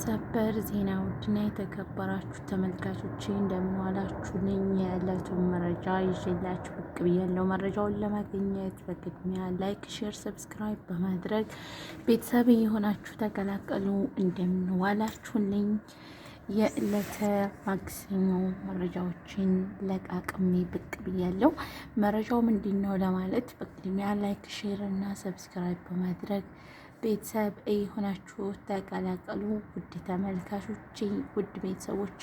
ሰበር ዜና ውድና የተከበራችሁ ተመልካቾች እንደምን ዋላችሁልኝ? የዕለቱን መረጃ ይዤላችሁ ብቅ ብያለሁ። መረጃውን ለማግኘት በቅድሚያ ላይክ፣ ሼር፣ ሰብስክራይብ በማድረግ ቤተሰብ የሆናችሁ ተቀላቀሉ። እንደምን ዋላችሁልኝ? የዕለተ ማክሰኞ መረጃዎችን ለቃቅሜ ብቅ ብያለሁ። መረጃው ምንድን ነው ለማለት በቅድሚያ ላይክ፣ ሼር እና ሰብስክራይብ በማድረግ ቤተሰብ የሆናችሁ ተቀላቀሉ። ውድ ተመልካቾቼ፣ ውድ ቤተሰቦቼ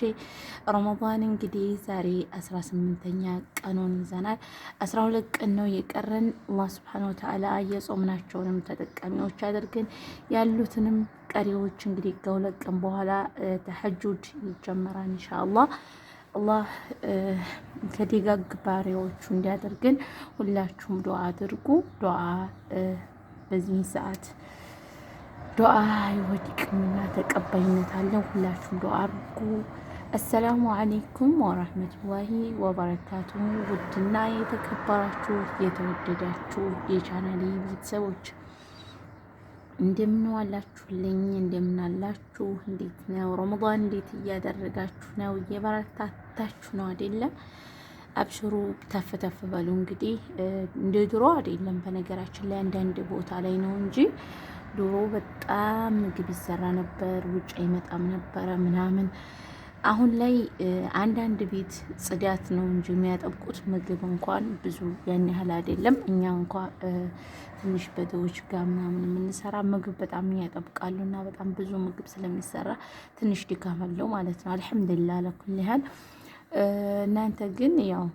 ረመዳን እንግዲህ ዛሬ አስራ ስምንተኛ ቀኑን ይዘናል። አስራ ሁለት ቀን ነው የቀረን። አላህ ስብሐነሁ ወተዓላ የጾምናቸውንም ተጠቃሚዎች አድርገን ያሉትንም ቀሪዎች እንግዲህ ከሁለት ቀን በኋላ ተሐጁድ ይጀመራል ኢንሻአላህ። አላህ ከደጋግ ባሪያዎቹ እንዲያደርግን ሁላችሁም ዱዓ አድርጉ። ዱዓ በዚህ ሰዓት ዱአ ይወድቅምና ተቀባይነት አለው። ሁላችሁም ዱአ አድርጉ። አሰላሙ አሌይኩም ወራህመቱላሂ ወበረካቱ። ውድና የተከበራችሁ የተወደዳችሁ የቻናሌ ቤተሰቦች እንደምንዋላችሁልኝ እንደምናላችሁ፣ እንዴት ነው ረመዳን? እንዴት እያደረጋችሁ ነው? እየበረታታችሁ ነው አይደለም? አብሽሩ ተፍ ተፍ በሉ። እንግዲህ እንደ ድሮ አይደለም። በነገራችን ላይ አንዳንድ ቦታ ላይ ነው እንጂ ድሮ በጣም ምግብ ይሰራ ነበር፣ ውጭ አይመጣም ነበረ ምናምን። አሁን ላይ አንዳንድ ቤት ጽዳት ነው እንጂ የሚያጠብቁት ምግብ እንኳን ብዙ ያን ያህል አይደለም። እኛ እንኳ ትንሽ በደዎች ጋር ምናምን የምንሰራ ምግብ በጣም ያጠብቃሉ እና በጣም ብዙ ምግብ ስለሚሰራ ትንሽ ድካም አለው ማለት ነው። አልሐምዱሊላህ ለኩል ያህል እናንተ ግን ያው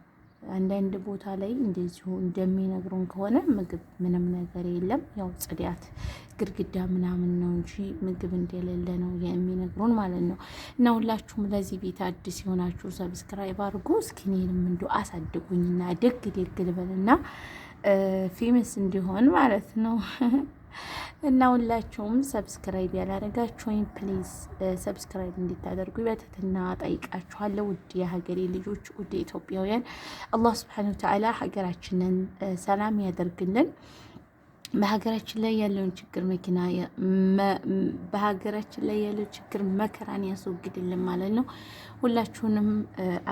አንዳንድ ቦታ ላይ እንደዚሁ እንደሚነግሩን ከሆነ ምግብ ምንም ነገር የለም። ያው ጽዳት ግድግዳ ምናምን ነው እንጂ ምግብ እንደሌለ ነው የሚነግሩን ማለት ነው። እና ሁላችሁም ለዚህ ቤት አዲስ የሆናችሁ ሰብስክራይብ አድርጉ። እስኪ እኔንም እንዲ አሳድጉኝና ደግ ደግ ልበልና ፌመስ እንዲሆን ማለት ነው። እና ሁላችሁም ሰብስክራይብ ያላደረጋችሁኝ ፕሊዝ ሰብስክራይብ እንድታደርጉ በትህትና ጠይቃችኋለሁ። ውድ የሀገሬ ልጆች፣ ውድ ኢትዮጵያውያን አላህ ስብሐነሁ ወተዓላ ሀገራችንን ሰላም ያደርግልን። በሀገራችን ላይ ያለውን ችግር መኪና በሀገራችን ላይ ያለው ችግር መከራን ያስወግድልን ማለት ነው። ሁላችሁንም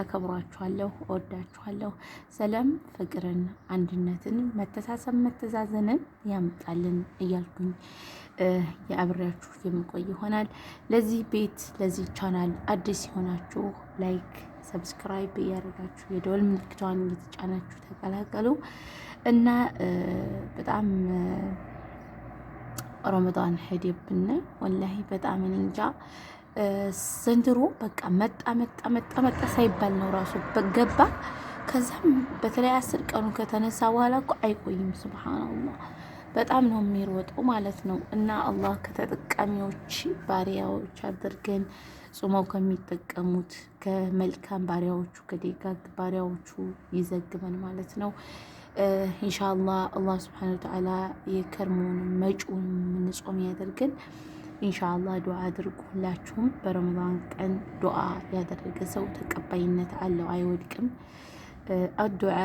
አከብሯችኋለሁ፣ እወዳችኋለሁ። ሰላም ፍቅርን፣ አንድነትን፣ መተሳሰብ፣ መተዛዘንን ያምጣልን እያልኩኝ የአብሬያችሁ የምቆይ ይሆናል። ለዚህ ቤት ለዚህ ቻናል አዲስ የሆናችሁ ላይክ፣ ሰብስክራይብ እያደረጋችሁ የደወል ምልክቷን እየተጫናችሁ ተቀላቀሉ። እና በጣም ረመዳን ሄደብን ወላሂ በጣም እንጃ። ዘንድሮ በቃ መጣ መጣ መጣ መጣ ሳይባል ነው ራሱ በገባ። ከዛም በተለይ አስር ቀኑ ከተነሳ በኋላ እኮ አይቆይም። ስብሓንላ በጣም ነው የሚሮጠው ማለት ነው። እና አላህ ከተጠቃሚዎች ባሪያዎች አድርገን ጾመው ከሚጠቀሙት ከመልካም ባሪያዎቹ ከደጋግ ባሪያዎቹ ይዘግበን ማለት ነው። ኢንሻአላህ አላህ ስብሐነ ወተዓላ የከርሞውን መጪውን የምንጾም ያደርገን። ኢንሻአላህ ዱዓ አድርጉ ሁላችሁም። በረመዳን ቀን ዱዓ ያደረገ ሰው ተቀባይነት አለው፣ አይወድቅም። አዱዓ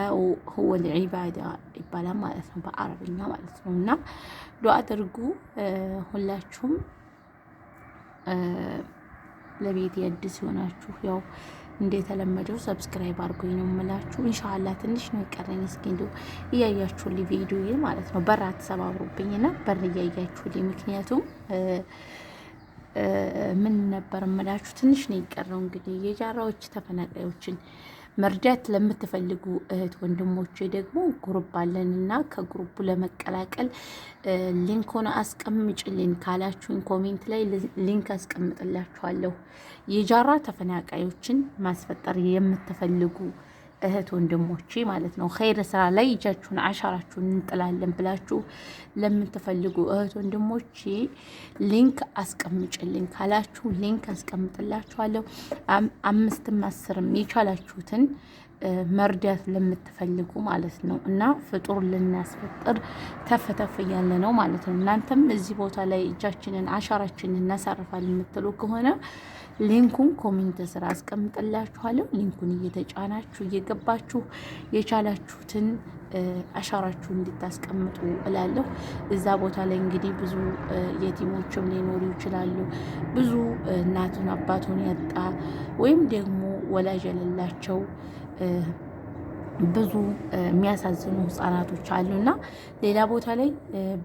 ሁወ ልዒባዳ ይባላል ማለት ነው፣ በአረብኛ ማለት ነው። እና ዱዓ አድርጉ ሁላችሁም። ለቤት የአዲስ የሆናችሁ ያው እንደተለመደው ሰብስክራይብ አድርጎኝ ነው የምላችሁ። እንሻላ ትንሽ ነው የቀረኝ። እስኪ እንዲሁ እያያችሁልኝ ቪዲዮ ማለት ነው በር አትሰባብሩብኝና በር እያያችሁልኝ ምክንያቱም ምን ነበር ትንሽ ነው የቀረው። እንግዲህ የጃራዎች ተፈናቃዮችን መርዳት ለምትፈልጉ እህት ወንድሞቼ ደግሞ ጉሩፕ አለን እና ከጉሩቡ ለመቀላቀል ሆነ አስቀምጭልኝ ካላችሁን ኮሜንት ላይ ሊንክ አስቀምጥላችኋለሁ። የጃራ ተፈናቃዮችን ማስፈጠር የምትፈልጉ እህት ወንድሞቼ ማለት ነው ኸይር ስራ ላይ እጃችሁን አሻራችሁን እንጥላለን ብላችሁ ለምትፈልጉ እህት ወንድሞቼ ሊንክ አስቀምጭልኝ ካላችሁ ሊንክ አስቀምጥላችኋለሁ። አምስትም አስርም የቻላችሁትን መርዳት ለምትፈልጉ ማለት ነው። እና ፍጡር ልናስፈጥር ተፈተፍ እያለ ነው ማለት ነው። እናንተም እዚህ ቦታ ላይ እጃችንን አሻራችንን እናሳርፋል የምትሉ ከሆነ ሊንኩን ኮሜንት ስራ አስቀምጥላችኋለሁ። ሊንኩን እየተጫናችሁ እየገባችሁ የቻላችሁትን አሻራችሁ እንድታስቀምጡ እላለሁ። እዛ ቦታ ላይ እንግዲህ ብዙ የቲሞችም ሊኖሩ ይችላሉ። ብዙ እናቱን አባቱን ያጣ ወይም ደግሞ ወላጅ የሌላቸው ብዙ የሚያሳዝኑ ህጻናቶች እና ሌላ ቦታ ላይ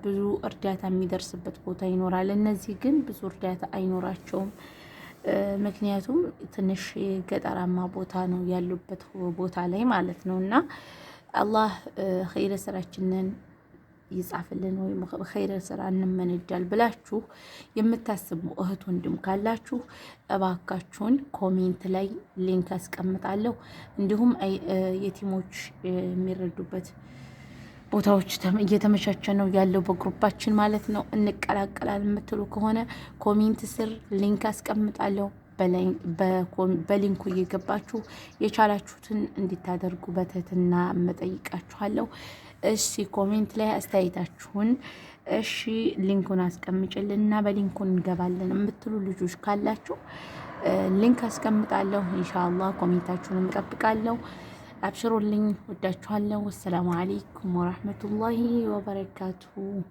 ብዙ እርዳታ የሚደርስበት ቦታ ይኖራል። እነዚህ ግን ብዙ እርዳታ አይኖራቸውም። ምክንያቱም ትንሽ ገጠራማ ቦታ ነው ያሉበት ቦታ ላይ ማለት ነው እና አላህ ኸይረ ስራችንን ይጻፍልን ወይም ኸይረ ስራ እንመንዳል ብላችሁ የምታስቡ እህት ወንድም ካላችሁ እባካችሁን ኮሜንት ላይ ሊንክ አስቀምጣለሁ። እንዲሁም የቲሞች የሚረዱበት ቦታዎች እየተመቻቸ ነው ያለው በግሩፓችን ማለት ነው። እንቀላቀላል የምትሉ ከሆነ ኮሜንት ስር ሊንክ አስቀምጣለሁ። በሊንኩ እየገባችሁ የቻላችሁትን እንዲታደርጉ በትህትና መጠይቃችኋለሁ። እሺ ኮሜንት ላይ አስተያየታችሁን እሺ ሊንኩን አስቀምጭልን እና በሊንኩን እንገባለን የምትሉ ልጆች ካላችሁ ሊንክ አስቀምጣለሁ። ኢንሻአላህ ኮሜንታችሁን እንጠብቃለሁ። አብሽሩልኝ። ወዳችኋለሁ። ወሰላሙ አለይኩም ወራህመቱላሂ ወበረካቱ።